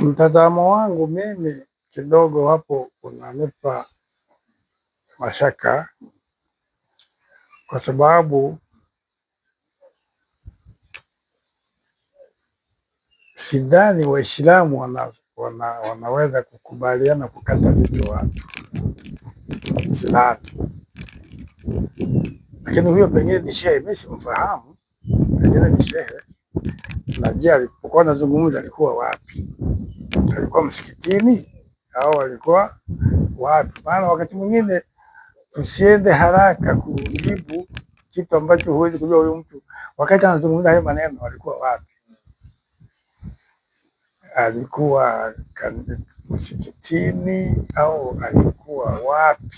Mtazamo wangu mimi kidogo hapo unanipa mashaka kwa sababu sidhani Waislamu wana, wana, wanaweza kukubaliana kukata vitu watu sidhani, lakini huyo pengine ni shehe, mi simfahamu, pengine ni shehe na je, alipokuwa anazungumza alikuwa wapi? Alikuwa msikitini au alikuwa wapi? Maana wakati mwingine tusiende haraka kujibu kitu ambacho huwezi kujua huyu mtu wakati anazungumza hayo maneno alikuwa wapi. Alikuwa msikitini au alikuwa wapi?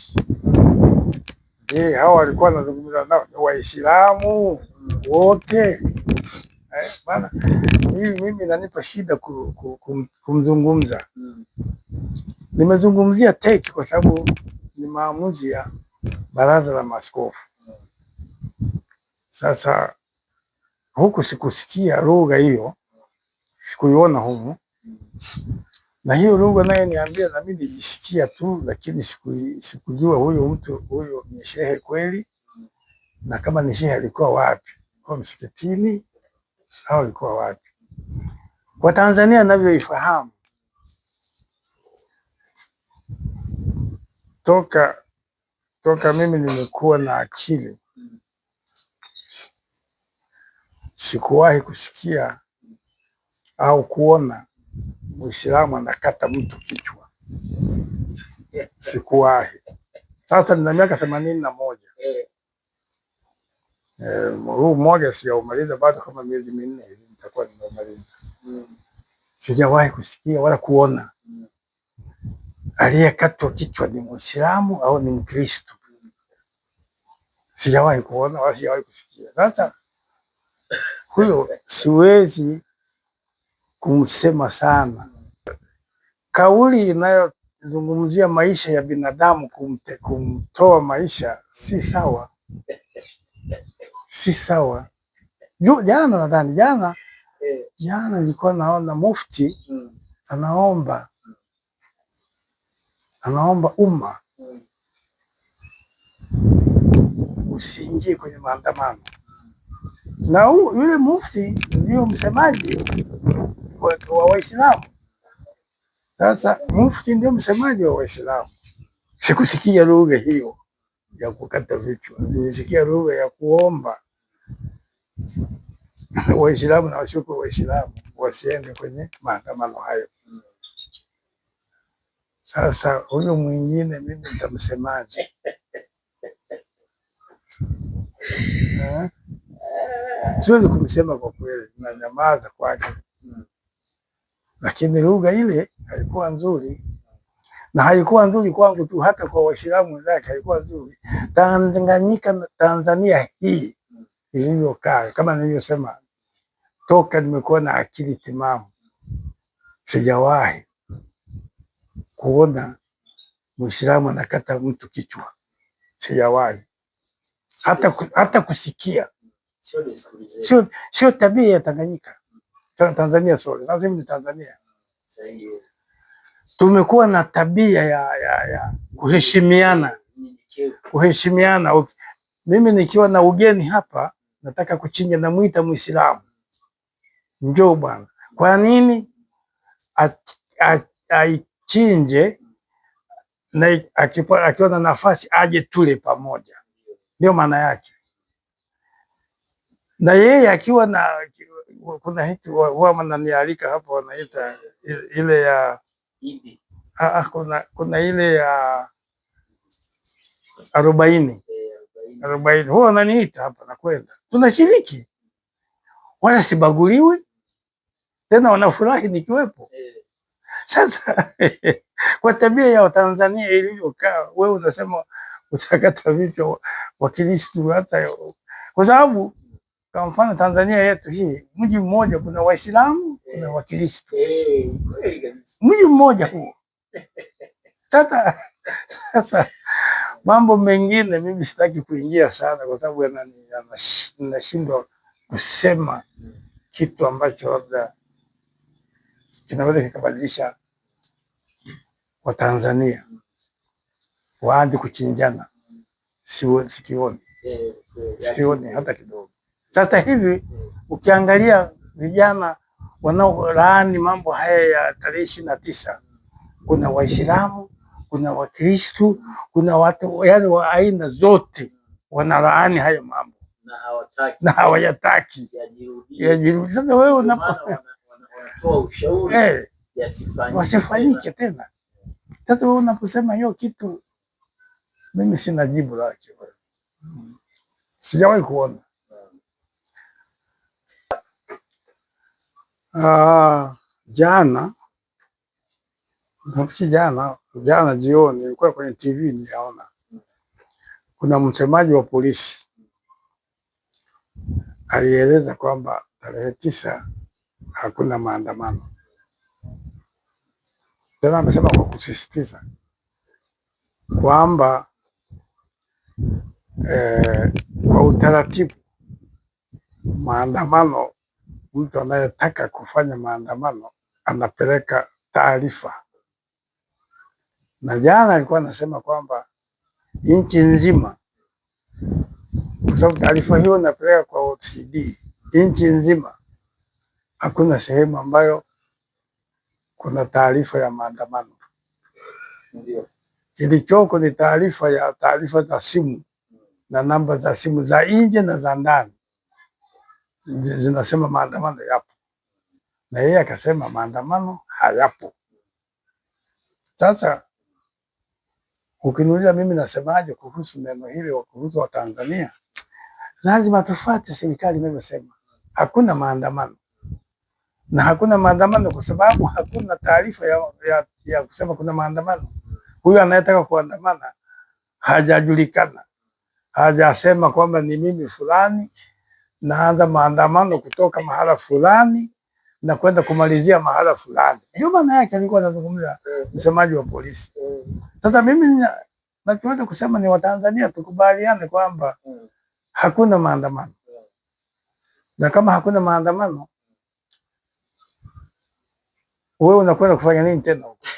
Je, hao walikuwa anazungumza nao Waislamu wote? Eh, bana hii mimi nanipa shida ku, ku, kum, kumzungumza mm. Nimezungumzia TEC kwa sababu ni maamuzi ya baraza la maaskofu. Sasa huku sikusikia lugha hiyo, sikuiona humu, na hiyo lugha naye niambia, na mimi nijisikia tu, lakini sikujua huyu mtu huyu ni shehe kweli, na kama ni shehe alikuwa wapi, kwa msikitini Sawa, ilikuwa wapi? Kwa Tanzania ninavyoifahamu toka toka mimi nimekuwa na akili, sikuwahi kusikia au kuona Muislamu anakata mtu kichwa, sikuwahi. Sasa nina miaka themanini na moja. Eh. Eh, huu mmoja sijaumaliza bado, kama miezi minne hivi nitakuwa nimeumaliza. Sijawahi kusikia wala kuona aliyekatwa kichwa ni Muislamu au ni Mkristo, sijawahi kuona wala sijawahi kusikia. Sasa huyo siwezi kumsema sana. Kauli inayozungumzia maisha ya binadamu kumte, kumtoa maisha si sawa si sawa. Jana nadhani jana eh. jana nilikuwa naona mufti hmm. anaomba anaomba umma hmm. usiingie kwenye maandamano na u, yule mufti ndio msemaji wa Waislamu. Sasa mufti ndio msemaji wa Waislamu, sikusikia lugha hiyo ya kukata vichwa, nimesikia lugha ya kuomba Waislamu na washuku Waislamu wasiende kwenye maandamano hayo. Sasa huyo mwingine mimi nitamsemaje? Eh? Siwezi kumsema kwa kweli, na nyamaza kwake, hmm. lakini lugha ile haikuwa nzuri na haikuwa nzuri kwangu tu, hata kwa Waislamu wenzake haikuwa nzuri. Tanganyika, na Tanzania hii ilivyokaa, kama nilivyosema, toka nimekuwa na akili timamu sijawahi kuona Muislamu anakata mtu kichwa, sijawahi hata, hata kusikia. Sio tabia ya Tanganyika Tanzania, sore sasa hivi ni Tanzania tumekuwa na tabia ya, ya, ya kuheshimiana kuheshimiana. Okay. Mimi nikiwa na ugeni hapa nataka kuchinja, namwita Muislamu, njoo bwana. Kwa nini aichinje na akiwa na nafasi aje tule pamoja? Ndio maana yake, na yeye akiwa na kuna hiti wananialika hapo, wanaita ile ya Ah, Ah, kuna, kuna ile ya arobaini arobaini huwa wananiita hapa, na kwenda tunashiriki, wala sibaguliwi tena, wanafurahi nikiwepo. Eh. Sasa kwa tabia ya Watanzania ilivyokaa, wewe unasema utakata vichwa Wakristo hata, kwa sababu kwa mfano Tanzania yetu hii, mji mmoja kuna Waislamu kuna Wakristo, mji mmoja huo. Sasa sasa mambo mengine mimi sitaki kuingia sana, kwa sababu nashindwa kusema kitu ambacho labda kinaweza kikabadilisha Watanzania waanze kuchinjana. Sikioni, sikioni hata kidogo. Sasa hivi ukiangalia vijana wanaolaani mambo haya ya tarehe ishirini na tisa, kuna Waislamu, kuna Wakristu, kuna watu yani wa aina zote wanalaani hayo mambo na hawayataki yajirudi. Sasa wewe eh. wasifanyike tena. Sasa wewe unaposema hiyo kitu, mimi sina jibu lake, sijawahi kuona Uh, jana nafikiri jana jana jioni nilikuwa kwenye TV niliona kuna msemaji wa polisi alieleza kwamba tarehe tisa hakuna maandamano tena. Amesema kwa kusisitiza kwamba eh, kwa utaratibu maandamano mtu anayetaka kufanya maandamano anapeleka taarifa. Na jana alikuwa anasema kwamba nchi nzima, kwa sababu taarifa hiyo inapeleka kwa OCD nchi nzima, hakuna sehemu ambayo kuna taarifa ya maandamano. Kilichoko ni taarifa ya taarifa za simu na namba za simu za nje na za ndani zinasema maandamano yapo, na yeye akasema maandamano hayapo. Sasa ukiniuliza mimi nasemaje kuhusu neno hili, kuhusu Watanzania, lazima tufuate serikali inavyosema. Hakuna maandamano na hakuna maandamano kwa sababu hakuna taarifa ya, ya, ya kusema kuna maandamano. Huyu anayetaka kuandamana hajajulikana, hajasema kwamba ni mimi fulani naanza maandamano kutoka mahala fulani na kwenda kumalizia mahala fulani. Juma yake alikuwa anazungumza mm. msemaji wa polisi. Mm. Sasa mimi nachoweza kusema ni Watanzania tukubaliane kwamba mm. hakuna maandamano, na kama hakuna maandamano, wewe unakwenda kufanya nini tena huko?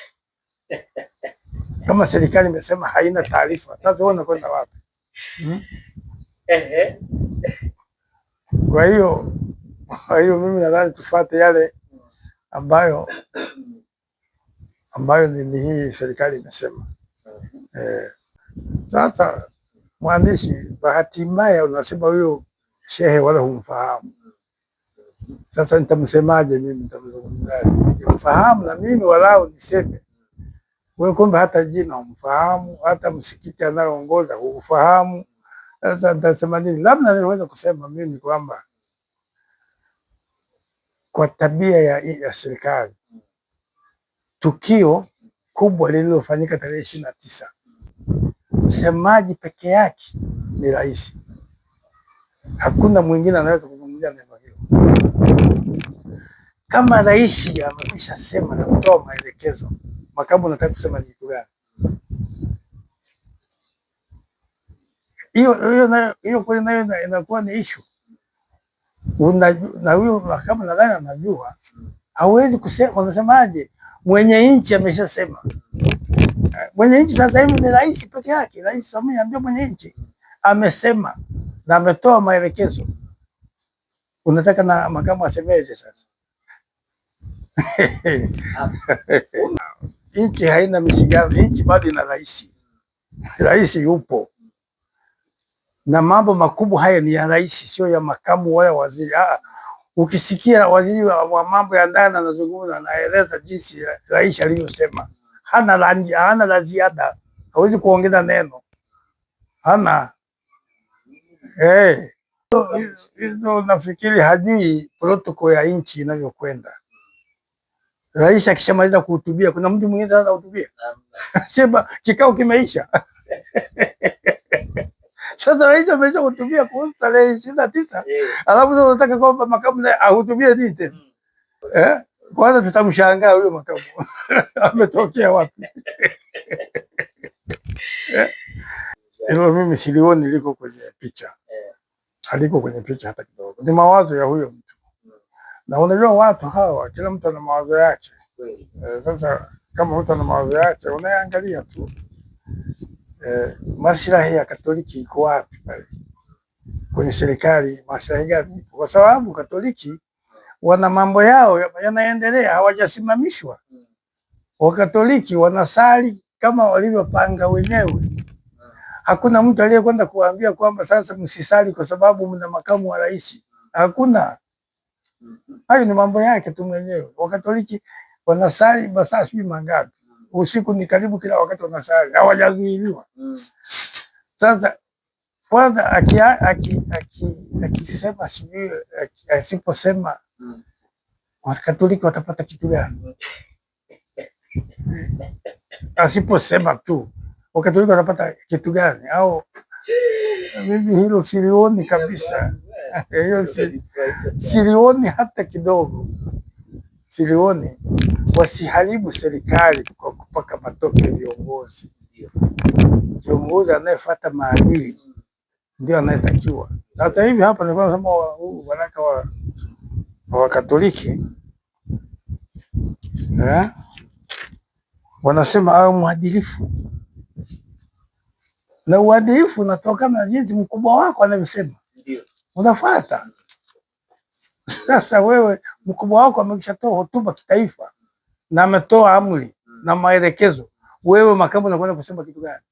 Kama serikali imesema haina taarifa, sasa wewe unakwenda wapi? hmm? Kwa hiyo kwa hiyo mimi nadhani tufate yale ambayo ambayo ni hii serikali imesema. Mm. Eh, sasa mwandishi, bahati mbaya unasema huyo shehe wala humfahamu. Sasa nitamsemaje mimi, nitamzungumzaje? Nikimfahamu na mimi walau niseme wewe, kumbe hata jina humfahamu, hata msikiti anayoongoza huufahamu sasa nitasema nini? Labda niweza kusema mimi kwamba kwa tabia ya, ya serikali, tukio kubwa lililofanyika tarehe ishirini na tisa, msemaji peke yake ni rais, hakuna mwingine anaweza kuzungumzia neno hilo. Kama rais amekwisha sema na kutoa maelekezo, makamu, nataka kusema kitu gani? hiyo kweli nayo inakuwa ni ishu na huyo mahakama nadhani anajua, hawezi kusema. Wanasemaje? mwenye nchi ameshasema. Mwenye nchi sasa hivi ni rais peke yake. Rais Samia ndio mwenye nchi, amesema na ametoa maelekezo. Unataka na makamu asemeje? Sasa nchi haina misigano, nchi bado ina rais, rais yupo na mambo makubwa haya ni ya rais, sio ya makamu wala waziri. Ah, ukisikia waziri wa, wa mambo ya ndani anazungumza, anaeleza jinsi rais alivyosema, hana la hana la ziada, hawezi kuongeza neno, hana hey. Eh. So, nafikiri hajui protoko ya nchi inavyokwenda. Rais akishamaliza kuhutubia, kuna mtu mwingine anahutubia, sema kikao kimeisha. Sasa wewe hicho kutumia kuhusu tarehe ishirini na tisa, eh. alafu sasa unataka kwamba makamu naye ahutubie nini tena? Mm. Eh, kwanza tutamshangaa huyo makamu ametokea wapi? Eh? Hilo mimi silioni liko kwenye picha, eh. aliko kwenye picha hata kidogo. Ni mawazo ya huyo mtu, mm. na unajua watu hawa, kila mtu ana mawazo yake. Sasa kama mtu ana mawazo yake, unaangalia tu eh, maslahi ya Katoliki iko wapi pale kwenye serikali, maslahi gani? Kwa sababu Katoliki wana mambo yao yanaendelea, hawajasimamishwa. Wakatoliki wanasali kama walivyopanga wenyewe. Hakuna mtu aliyekwenda kuwaambia kwamba sasa msisali kwa sababu mna makamu wa rais. Hakuna, hayo ni mambo yake tu mwenyewe. Wakatoliki wanasali masaa sijui mangapi usiku ni karibu kila wakati wanasali, hawajazuiliwa. Mm. Sasa kwanza akisema sijui asiposema mm. Wakatoliki watapata kitu gani? Asiposema tu Wakatoliki watapata kitu gani? Au mimi hilo silioni kabisa, hiyo silioni hata kidogo, silioni. Wasiharibu serikali kwa mpaka matoke viongozi. Kiongozi anayefuata maadili ndio anayetakiwa. Hata hivi hapa nilikuwa nasema huu waraka wa Wakatoliki eh? wanasema awe mwadilifu, na uadilifu unatokana na jinsi mkubwa wako anavyosema, unafuata. Sasa wewe mkubwa wako amekishatoa hotuba kitaifa na ametoa amri na maelekezo. Wewe makamu, unakwenda kusema kitu gani?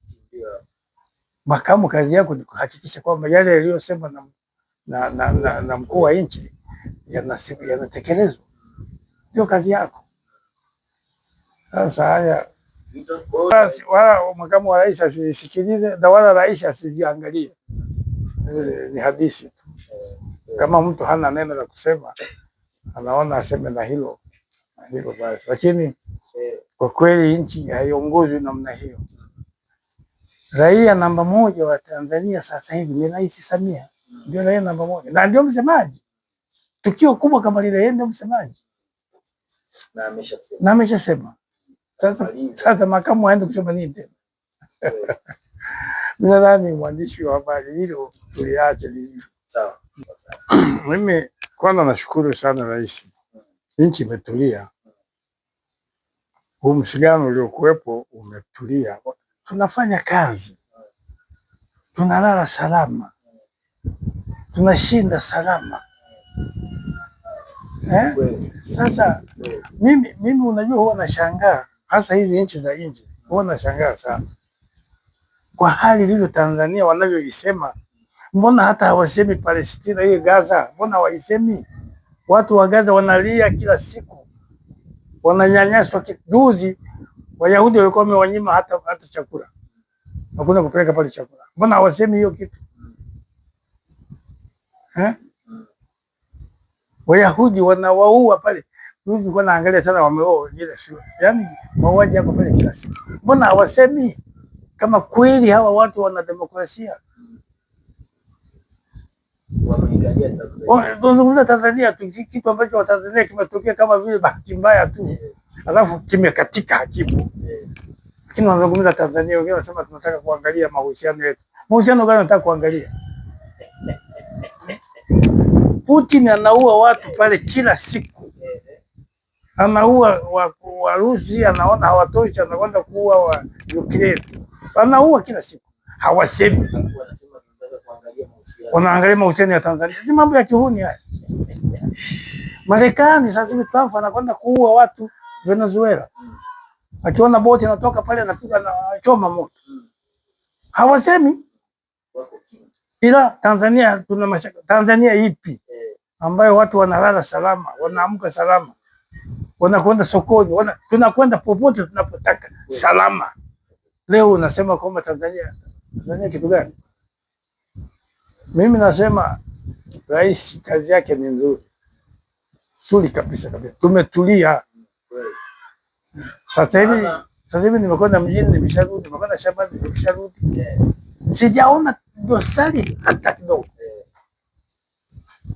Makamu kazi yako ni kuhakikisha kwamba yale yaliyosema na, na, na, na, na mkuu wa nchi yanatekelezwa, ndio kazi yako. Sasa haya wala makamu wa rais asisikilize na wala rais asiziangalie, ni hadithi tu. Kama mtu hana neno la kusema, anaona aseme na hilo hilo basi, lakini kwa kweli nchi haiongozwi namna hiyo. Raia namba moja wa Tanzania sasa hivi ni Rais Samia, ndio raia namba moja na ndio msemaji. Tukio kubwa kama lile, yeye ndio msemaji na ameshasema, na Sasa, sasa makamu aende kusema nini tena? Nadhani mwandishi wa habari hilo tuliache lilivyo. Sawa. Mimi kwanza nashukuru sana rais, nchi imetulia huu msigano uliokuwepo umetulia, tunafanya kazi, tunalala salama, tunashinda salama eh? Sasa mimi, mimi unajua huwa nashangaa hasa hizi nchi za nje, huwa nashangaa sana kwa hali ilivyo Tanzania wanavyoisema. Mbona hata hawasemi Palestina hiyo Gaza, mbona hawaisemi? Watu wa Gaza wanalia kila siku wananyanyaswa. Juzi Wayahudi walikuwa wamewanyima hata, hata chakula, hakuna kupeleka pale chakula. Mbona hawasemi hiyo kitu eh? Wayahudi wanawaua pale. Juzi kwa naangalia sana, wameoa wengine, yaani mauaji yako pale kila siku. Mbona hawasemi kama kweli hawa watu wana demokrasia? Oh, tunazungumza Tanzania tu, kitu ambacho Watanzania kimetokea kama vile bahati mbaya tu, eh. alafu kimekatika hakipo. Eh. Lakini wanazungumza Tanzania, wengine wanasema tunataka kuangalia mahusiano yetu. Mahusiano gani nataka kuangalia? Putin anaua watu pale kila siku, anaua Warusi, anaona hawatoshi, anakwenda kuua wa Ukraine, anaua kila siku, hawasemi wanaangalia mahusiano ya Tanzania. Si mambo ya kihuni haya. Marekani sasa hivi Trump anakwenda kuua watu Venezuela, akiona boti inatoka pale anapiga na choma moto. Hawasemi, ila Tanzania tuna mashaka. Tanzania ipi ambayo watu wanalala salama, wanaamka salama, wanakwenda sokoni, wana, tunakwenda popote tunapotaka salama? Leo unasema kwamba Tanzania, Tanzania kitu gani? Mimi nasema rais kazi yake ni nzuri nzuri kabisa kabisa, tumetulia sasa hivi. Sasa hivi nimekwenda mjini, nimesharudi, nimekwenda shambani, nimesharudi, sijaona dosari hata kidogo.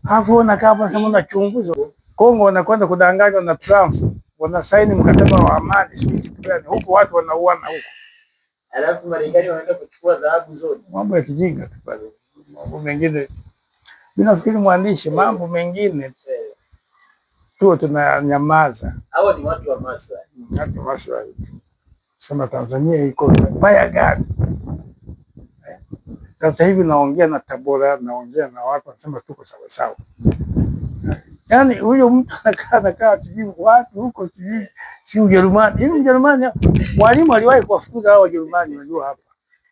Hapo nakaa hapo, nasema nachunguza Kongo, wanakwenda kudanganywa na Trump, wanasaini mkataba wa amani, sio kitu gani, watu wanauana huko, alafu Marekani wanaenda kuchukua dhahabu zote, mambo ya kijinga tu pale mambo mengine mimi nafikiri mwandishi, mambo mengine tuwe tunanyamaza. Hawa ni watu wa maslahi, watu wa maslahi. Sema Tanzania iko mbaya gani? Sasa hivi naongea na Tabora, naongea na watu nasema tuko sawasawa. Yani huyo mtu anakaa nakaa sijui watu huko sijui si Ujerumani. hivi. Mjerumani mwalimu aliwahi kuwafukuza hao Wajerumani, unajua hapa.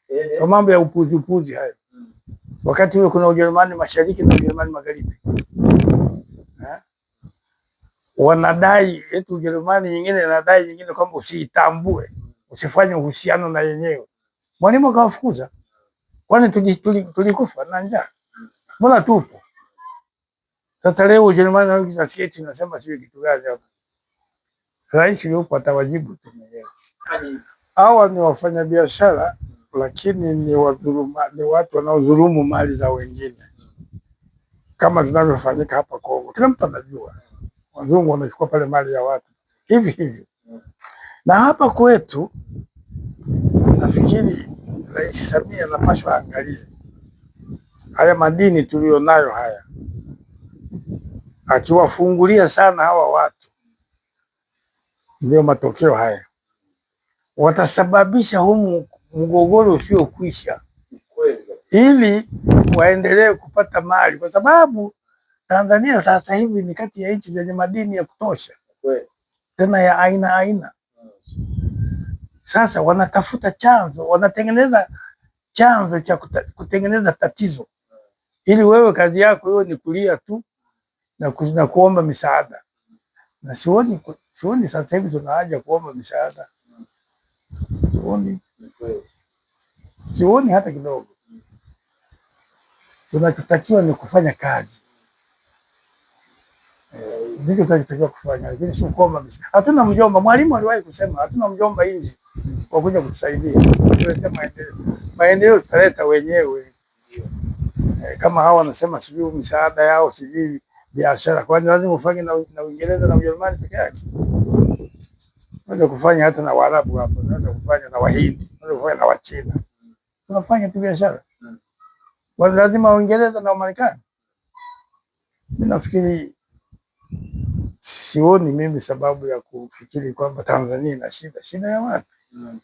Eh, eh. Kwa mambo ya upuzi upuzi hayo. Wakati huo kuna Ujerumani mashariki na Ujerumani magharibi Wanadai eti Ujerumani nyingine inadai nyingine kwamba usiitambue, usifanye uhusiano na yenyewe. Mwalimu akawafukuza. Kwani tulikufa na njaa? Mbona tupo sasa? Leo Ujerumani nakisafieti nasema sio kitu gani hapo. Rais yupo atawajibu tu mwenyewe. Hawa ni wafanyabiashara lakini ni, wadhuluma, ni watu wanaodhulumu mali za wengine kama zinavyofanyika hapa Kongo. Kila mtu anajua wazungu wanachukua pale mali ya watu hivi hivi, na hapa kwetu nafikiri Rais Samia anapaswa angalie haya madini tuliyonayo haya, akiwafungulia sana hawa watu, ndio matokeo haya watasababisha humu mgogoro usiokwisha, ili waendelee kupata mali, kwa sababu Tanzania sasa hivi ni kati ya nchi zenye madini ya kutosha tena ya aina aina. Sasa wanatafuta chanzo, wanatengeneza chanzo cha kutengeneza tatizo, ili wewe kazi yako hiyo ni kulia tu na, ku, na kuomba misaada na sioni, sioni sasa hivi tuna haja kuomba misaada sioni sioni hata kidogo. Tunachotakiwa ni kufanya kazi, eh, ndicho tunachotakiwa kufanya, lakini si kuomba Hatuna mjomba. Mwalimu aliwahi kusema hatuna mjomba nje kwa kuja kutusaidia maendeleo, tutaleta wenyewe eh, kama hawa wanasema sijui misaada yao sijui biashara, kwani lazima ufanye na Uingereza na Ujerumani peke yake? naweza kufanya hata na Waarabu hapa, naweza kufanya na Wahindi, naweza kufanya na Wachina. Tunafanya tu biashara. wa lazima Waingereza na Wamarekani. Mimi nafikiri sioni mimi sababu ya kufikiri kwamba Tanzania ina shida. Shida ya wapi? Mm.